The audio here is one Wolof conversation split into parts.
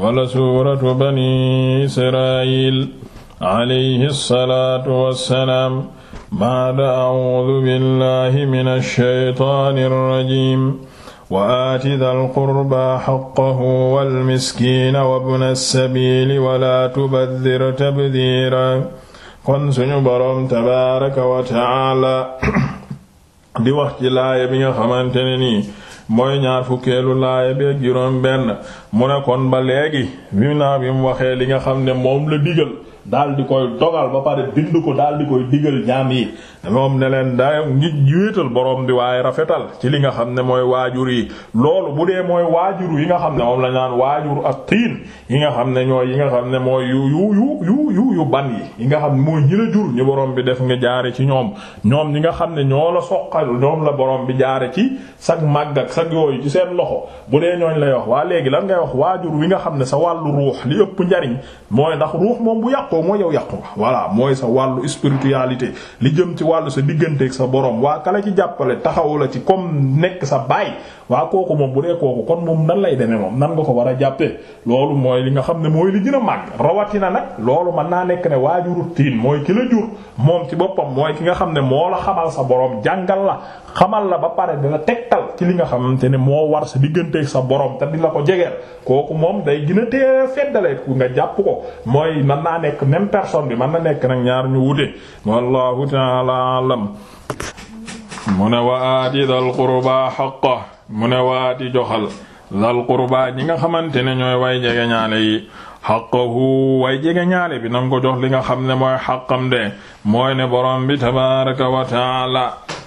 wala suuratu bani israil alayhi salaatu wassalaam baada audu billahi min alsheytaani alrajim wa aati da alqurbaa xaqahu walmiskiina wabna alsabili wala tubadir tabdiira kon suñu boroom tabaaraka wa taala di wax ci laaya bi nga xamante ne nii mooy ñaar fukkeelu laaya bi ak benn mu ne kon ba léegi bi naa bi mu waxee li nga xam ne moom la digal daal di koy dogal ba pare bind ko daal di koy digal jaam yi moom ne leen da ngi jiital borom bi waaye rafetal ci li nga xam ne mooy waajur yi loolu bu dee mooy waajur yi nga xam ne moom la naan waajur ak tiin yi nga xam ne ñooy yi nga xam ne mooy yu yu yu yu yu ban yi nga xam ne mooy ñi la jur ñu borom bi def nga jaare ci ñoom ñoom ñi nga xam ne ñoo la soqal ñoom la borom bi jaare ci sag màgg ak sag yooyu ci seen loxo bu dee ñooñ lay wax waa léegi lan ngay wax waajur wi nga xam ne sa wàllu ruux li ëpp njariñ mooy ndax ruux moom bu yàqoo mooy yow yàqu nga voilà mooy sa wàllu spiritualité li jëm ci wàllu sa digganteeg sa borom waa kala ci jàppale taxawu la ci comme nekk sa baay waa kooku moom bu dee kooku kon moom nan lay demee moom nan nga ko war a jàppee loolu mooy li nga xam ne mooy li gën a màgg rawatina nag loolu mën naa nekk ne waajuru tiin mooy ki la jur moom ci boppam mooy ki nga xam ne moo la xamal sa boroom jàngal la xamal la ba pare dina tegtal ci li nga xamante ne moo war sa digganteeg sa borom te di la ko jegeel kooku moom day gën a tee feddale ku nga jàpp ko mooy mën naa nekk même personne bi man na nekk nag ñaar ñu wute wallahu ta'ala a'lam mu ne wa aati dal qurbaa xaqa mu ne wa aati joxal dal qurbaa ñi nga xamante ne ñooy way jege ñaale yi xaqahu way jege ñaale bi nanga ko jox li nga xam ne mooy xaqam de mooy ne borom bi tabaaraka wa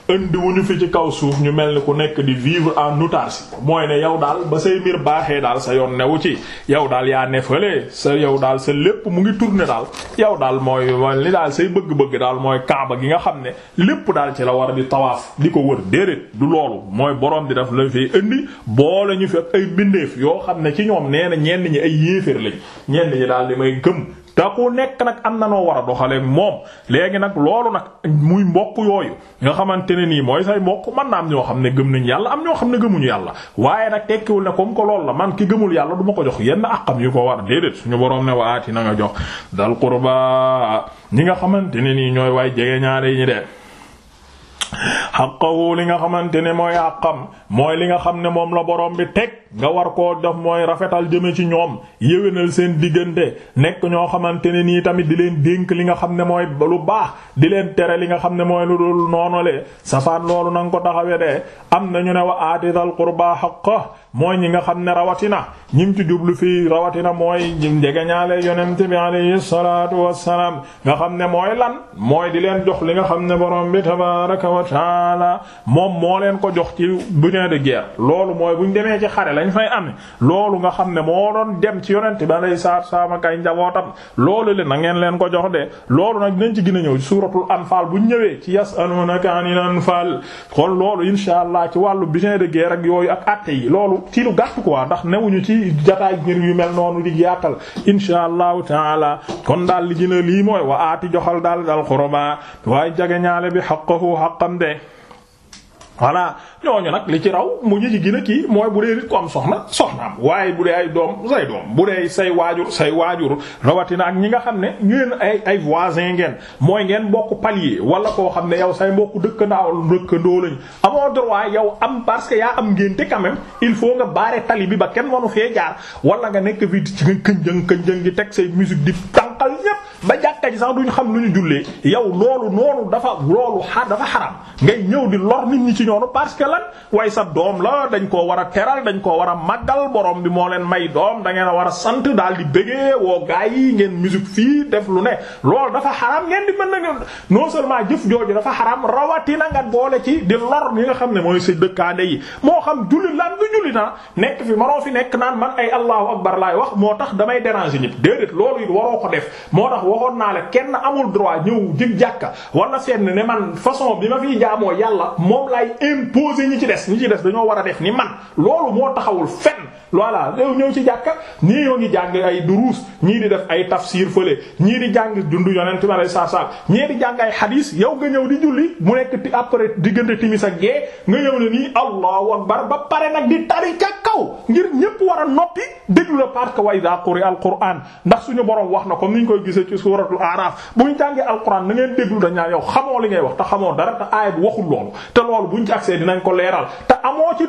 indi wu ñu fi ci kaw suuf ñu mel ni ku nekk di vivre en autarcie mooy ne yow daal ba say mbir baaxee daal sa yoon newu ci yow daal yaa nefale sa yow daal sa lépp mu ngi tourner daal yow daal mooy li daal say bëgg-bëgg daal mooy kaaba gi nga xam ne lépp daal ci la war bi tawaaf di ko wër déedéet du loolu mooy boroom di def la fi indi boole ñu fi ak ay bindeef yoo xam ne ci ñoom nee na ñenn ñi ay yéeféer lañ ñenn ñi daal di may gëm te ku nekk nag am na noo war a doxalee moom léegi nag loolu nag muy mbokk yooyu nga xamante ne nii mooy say mbokk man na am ñoo xam ne gëm nañ yàlla am ñoo xam ne gëmuñu yàlla waaye nag tekkiwul ne comme ko loolu la man ki gëmul yàlla du ma ko jox yenn àqam yu ko war déedéet suñu boroom ne waati na nga jox dal qurba ñi nga xamante ne nii ñooy waaye jege ñaari ñi de xaqahu li nga xamante ne mooy àqam mooy li nga xam ne moom la borom bi teg nga war koo def mooy rafetal jëme ci ñoom yéwénal seen diggante nekk ñoo xamante ne nii tamit di leen dénk li nga xam ne mooy lu baax di leen tere li nga xam ne mooy lu dul noonale safaan loolu na ko taxawe de am na ñu ne wa aatidal qurba haqqa mooy ñi nga xam ne rawatina ñim ci jublu fii rawatina mooy njegeñaale yonent bi alayhi salaatu wassalaam nga xam ne mooy lan mooy di leen jox li nga xam ne borom bi taala moom moo leen ko jox ci butin de guerre loolu mooy bu ñu demee ci xare lañ fay amee loolu nga xam ne moo doon dem ci yonent ba lay saar saama kay tam loolu le na ngeen leen ko jox de loolu nag nañ ci gën a ñëw suuratul anfaal bu ñëwee ci yasalunaka anil anfaal kon loolu insha allah ci wàllu butin de guerre ak yooyu ak àtte yi loolu ci lu gàtt quoi ndax newuñu ci jataay ngir yu mel noonu di yaatal insha allahu taala kon daal li gën a lii wa aati joxal dal xurba waaye jage ñaale voilà ñooñu nag li ci raw mu ñu ci gën a kii mooy bu dee nit ko am soxna soxnaam waaye bu dee ay doom say doom bu dee say waajur say waajur rawatina ak ñi nga xam ne ngeen ay ay voisin ngeen mooy ngeen bokk palier wala koo xam ne yow say mbokk dëkkandoo dëkkandoo lañ amoo droit yow am parce que yaa am ngénte quand il faut nga baare tali bi ba kenn wanu fee jaar wala nga nekk fii ci nga kënjëng kënjëng gi teg say musique di. ji sax duñ xam lu ñu jullee yow loolu noonu dafa loolu xa dafa xaram ngay ñëw di lor nit ñi ci ñoonu parce que lan way sa doom la dañ koo war a teral dañ koo war a màggal boroom bi moo leen may doom da ngeen a war a sant daal di bëggee woo gaa yi ngeen musique fii def lu ne loolu dafa xaram ngeen di mën na ngeen non seulement jëf jooju dafa xaram rawatina nga boole ci di lor li nga xam ne mooy si dëkkaande yi moo xam julli lan du julli na nekk fi maroo fi nekk naan man ay allahu akbar laay wax moo tax damay déranger ñépp déedéet ko def kenn amul droit ñëw jëg jàkka wala fenn ne man façon bi ma fiy jaamoo yàlla moom laay imposer ñi ci des ñi ci des dañoo war a def ni man loolu moo taxawul fenn voilà yow ñëw ci jàkka ñii yoo ngi jàng ay duruus ñii di def ay tafsir fële ñii di jàng dundu yonent ma lay saa saa ñii di jàng ay xadiis yow nga ñëw di julli mu nekk après diggante timi sa gée nga ñëw ne nii allahu akbar ba pare nag di tari ca kaw ngir ñépp war a noppi déglu la parce que wa iza al-qur'an ndax suñu borom wax na comme ni ñu koy gisee ci suuratul aaraaf bu ñu jàngee alquran na ngeen déglu dañ naan yow xamoo li ngay wax te xamoo dara bu waxul loolu dinañ ko leeral te amoo ci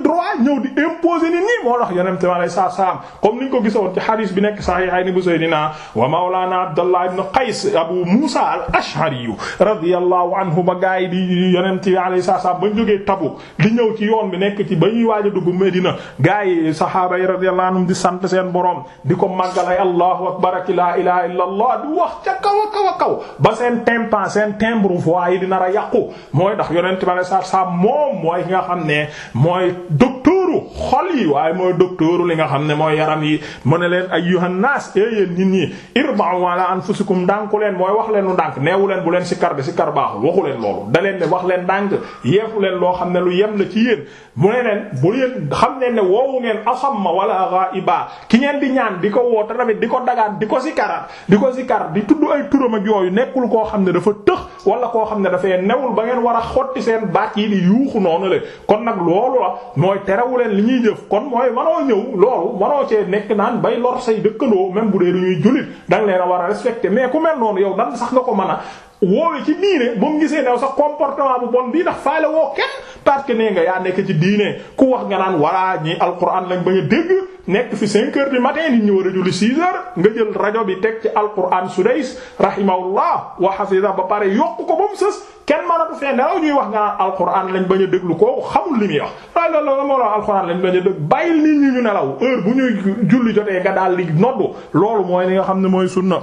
alayhi salaam comme niñ ko gisoon ci hadis bi nekk sahihayn bu sayyidina wa mawlana Abdullah ibn Qays Abu Musa al-Ash'ari radiyallahu anhu ba gaay di yonent bi alayhi salaam bañ jógee Tabuk di ñëw ci yoon bi nekk ci ba ñuy waaj a dugg Medina gaay sahaaba yi radiyallahu anhum di sant seen borom di ko màggal ay Allahu akbar ak la ilaha illa Allah di wax ca kaw a kaw a kaw ba seen tympan seen timbre voix yi dina ra yàqu mooy ndax yonent bi alayhi salaam moom mooy ki nga xam ne mooy docteur docteuru xol yi waaye mooy docteuru li nga xam ne mooy yaram yi mu ne leen ayyuhan nas e eh yéen nit ñi irba'u ala anfusikum ndànku leen mooy wax leen lu ndànk neewu leen bu leen sikkar bi sikkar baaxul waxu leen loolu da wax leen ndànk yeefu leen loo xam ne lu yem la ci yéen mu ne leen xam ne ne woowu ngeen asamma wala ghaiba ki ngeen di ñaan di ko woo te tamit di ko dagaat di ko sikkaraat di ko sikkar di tudd ay turam ak yooyu nekkul koo xam ne dafa tëx wala koo xam ne dafay newul ba ngeen war a xotti seen baat yi di yuuxu noonu le kon nag loolu la mooy terewul leen li ñuy jëf kon mooy manoo ñëw loolu manoo cee nekk naan bay lor say dëkkandoo même bu dee ñuy jullit danga leen a war a respecté mais ku mel noonu yow dan sax nga ko man a woowe ci diine ba mu gisee new sa comportement bu bon bii ndax faale woo kenn parce nee nga yaa nekk ci diine ku wax nga naan walla ñi alquran lañ bañ a dégg nekk fi cinq kër du matin nit ñi war a julli six heures nga jël rajo bi teg ci alquran Sudays rahimahullah wa hafiza ba pare yokk ko ba mu sës kenn mënatu fee nelaw ñuy wax nga naan alquran lañ bañ a déglu ko xamul li muy wax. waaye loolu la moo la alquran lañ bañ a déglu bàyyil nit ñi ñu nelaw heure bu ñuy julli jotee nga daal noddu loolu mooy li nga xam ne mooy sunna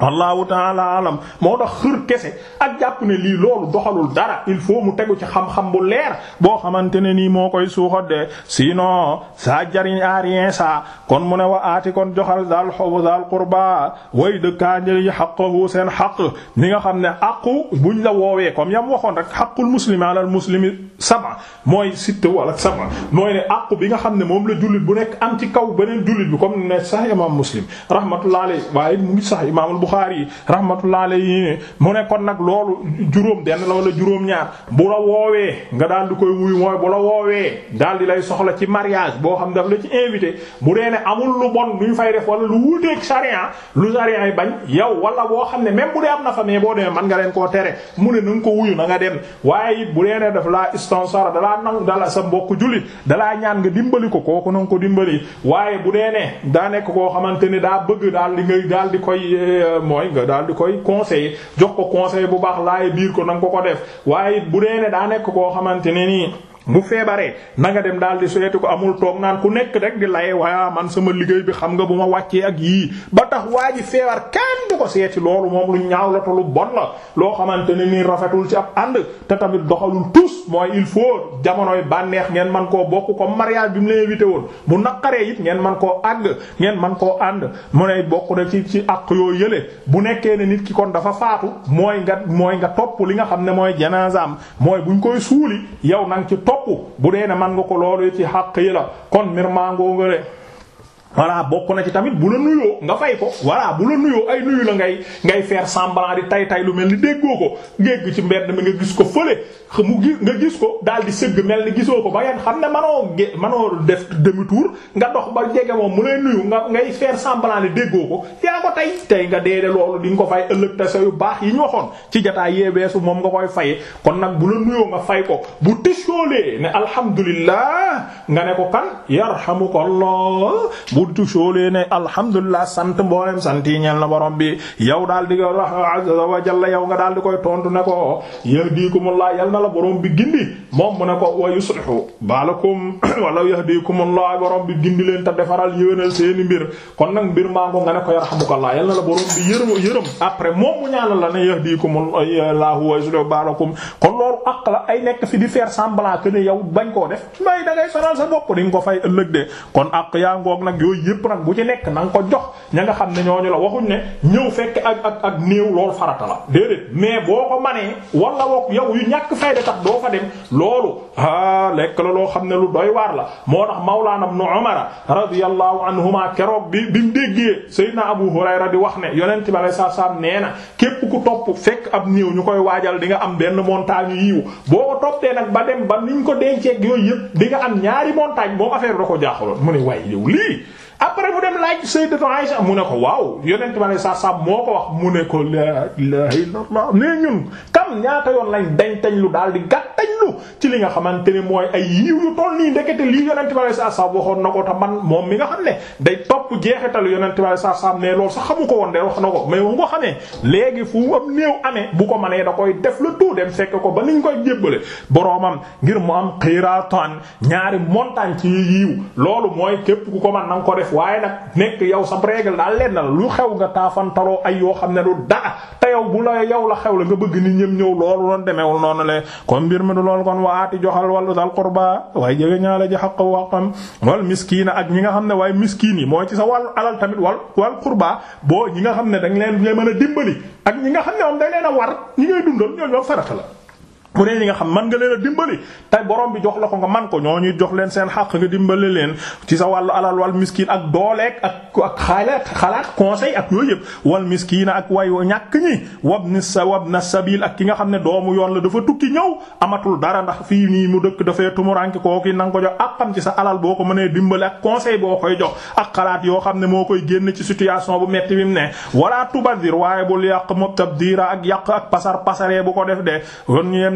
allahu taala alam moo tax xër kese ak jàpp ne lii loolu doxalul dara il faut mu tegu ci xam-xam bu leer boo xamante ne nii moo koy suuxat de sinon ça jariñ à rien ça kon mu ne wa aati kon joxal daal xobu daal qurba way dëkkaanjël yi xaqahu seen xaq ni nga xam ne aqu buñ la woowee comme yam waxoon rek xaqul muslimi alal muslimi saba mooy sitta wala saba mooy ne aqu bi nga xam ne moom la jullit bu nekk am ci kaw beneen jullit bi comme ne sax imam muslim rahmatullah Buxaari yi rahmatullah alayhi mu ne kon nag loolu juróom denn la wala juróom-ñaar bu la woowee nga daal di koy wuyu mooy bu la woowee daal di lay soxla ci mariage boo xam daf la ci invité bu dee ne amul lu bon luñ fay def lu wuuteeg charia lu charia yi bañ yow wala boo xam ne même am na fa boo demee man nga leen koo tere mu ne ko wuyu na nga dem waaye bu dee ne daf laa istansara dalaa nangu dala sa mbokk jullit dalaa ñaan nga dimbali ko kooku na ko dimbali waaye bu dee ne daa nekk koo xamante ne daa bëgg daal di ngay daal di koy eh, mooy nga daal di koy conseiller jox ko bu baax laay biir ko na ko ko def waaye bu dee nekk koo xamante ne nii. bu feebaree na nga dem daal di seeti ko amul toog naan ku nekk rek di laye waa man sama liggéey bi xam nga bu ma wàccee ak yii ba tax waa ji feebar kenn du ko seeti loolu moom lu ñaaw la te bon la loo xamante ne nii rafetul ci ab ànd te tamit doxalul tous mooy il faut jamonoy bànneex ngeen man koo bokk ko mariage bi mu la invité woon bu naqaree it ngeen man koo àgg ngeen man koo ànd mu ne bokk na ci ci àq yoo yële bu nekkee ne nit ki kon dafa faatu mooy nga mooy nga topp li nga xam ne mooy janaazam mooy buñ topp bu dee ne man nga ko loolu ci xàq yi kon mbir maa ngoo nga de voilà bokk na ci tamit bu la nuyoo nga fay ko voilà bu la nuyoo ay nuyu la ngay ngay faire semblant di tay tay lu mel ni déggoo ko ngégg ci mbedd mi nga gis ko fële mu gis nga gis ko daal di sëgg mel ni gisoo ko ba yan xam ne manoo gé manoo def demi tour nga dox ba jege moom mu lay nuyu nga ngay faire semblant di déggoo ko yaa ko tey tey nga deede loolu di ko fay ëllëg te sa yu baax yi ñu waxoon ci jotaay yee weesu moom nga koy faye kon nag bu la nuyoo nga fay ko bu tisoolee ne alhamdulillah nga ne ko kan yarhamukallah bu tusoolee ne alhamdulilah sant mboolem sant yi ñeel na borom bi yow daal di ko azza wa jalla nga daal di koy tontu ne ko yahdikumullah yal na la borom bi gindi moom mu ne ko wa yuslihu baalakum wala yahdikumullah borom bi gindi leen te defaral yéwénal seeni mbir kon nag mbir maa ngo nga ne ko yarhamukallah yal na la borom bi yërëm yërëm après moom mu ñaanal la ne yahdikumullahu wa yuslihu baalakum kon àq la ay nekk fi di faire semblant que ne yow bañ koo def may da ngay sa bopp di ko fay ëllëg de kon àq yaa ngoog nag yooyu yépp nag bu ci nekk na nga ko jox ña nga xam ne ñooñu la waxuñ ne ñëw fekk ak ak ak néew loolu boo ko manee wala wok yow yu ñàkk fayda tax doo fa dem loolu ah lekk la loo xam ne lu doy waar la moo tax Mawlaana Ibnu Umar radiyallahu anhuma keroog bi bi mu déggee Seydina Abu Hurayra di wax ne yonent bi sallallahu alayhi wasallam nee na képp ku topp fekk ab néew ñu koy waajal di am benn montagne yiw boo ko toppee nag ba dem ba niñ ko denceeg yooyu yëpp di nga am ñaari montagne moom affaire bi da ko jaaxaloon mu ne waaye yow lii après mu dem laaj sayyidatu Aisha mu ne ko waaw yonent ma ne sa sa moo ko wax mu ne ko la ilaha illallah ne ñun xam ñaata yoon lañ dañ tañ lu daal di gàttañ lu ci li nga xamante ne mooy ay yiw yu toll nii ndekete lii yonente bi alayhi salaam waxoon na ko te man moom mi nga xam ne day topp jeexitalu yonente bi alayhi salaam mais loolu sa xamu ko woon de wax na ko mais bu ko xamee léegi fu am néew amee bu ko mënee da koy def la tout dem fekk ko ba niñ koy jébbale boroomam ngir mu am xiraatan ñaari montagne ci yiw loolu mooy képp ku ko man na ko def waaye nag nekk yow sa règle daal lenn la lu xew nga taafantaloo yoo xam ne du dara yow bu la yow la xew la nga bëgg nit ñëm ñëw loolu doon demewul noonu le kon mbir mi du loolu kon waati joxal wala dal qurba waaye jege ñaa la ji xaq waqam wal miskiina ak ñi nga xam ne waaye miskiin yi mooy ci sa wàllu alal tamit wal wal qurba boo ñi nga xam ne dañ leen ngay mën a dimbali ak ñi nga xam ne moom dañ leen a war ñi ngay dundal ñooñu farata la mu ne ñi nga xam man nga leen a dimbali tey borom bi jox la ko nga man ko ñoo ñuy jox leen seen xaq nga dimbali leen ci sa wàllu alal wal miskin ak dooleeg ak ak xalaat xalaat conseil ak yooyu yëpp wal miskina ak way ñàkk ñi wab sa wab na sabil ak ki nga xam ne doomu yoon la dafa tukki ñëw amatul dara ndax fii nii mu dëkk dafay tumuranke kooki na nga ko jox àqam ci sa alal boo ko mënee dimbali ak conseil boo koy jox ak xalaat yoo xam ne moo koy génn ci situation bu metti bi mu ne wala tubadir waaye bul yàq moom tabdira ak yàq ak pasar pasaree bu ko def de